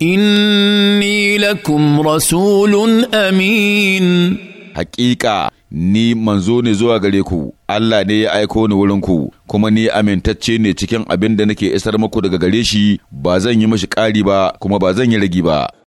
inni lakum rasulun amin Haƙiƙa ni manzo ne zuwa gare ku Allah ne ya aiko ni wurin ku kuma ni amintacce ne cikin abin da nake isar muku daga gare shi ba zan yi mashi ƙari ba kuma ba zan yi ragi ba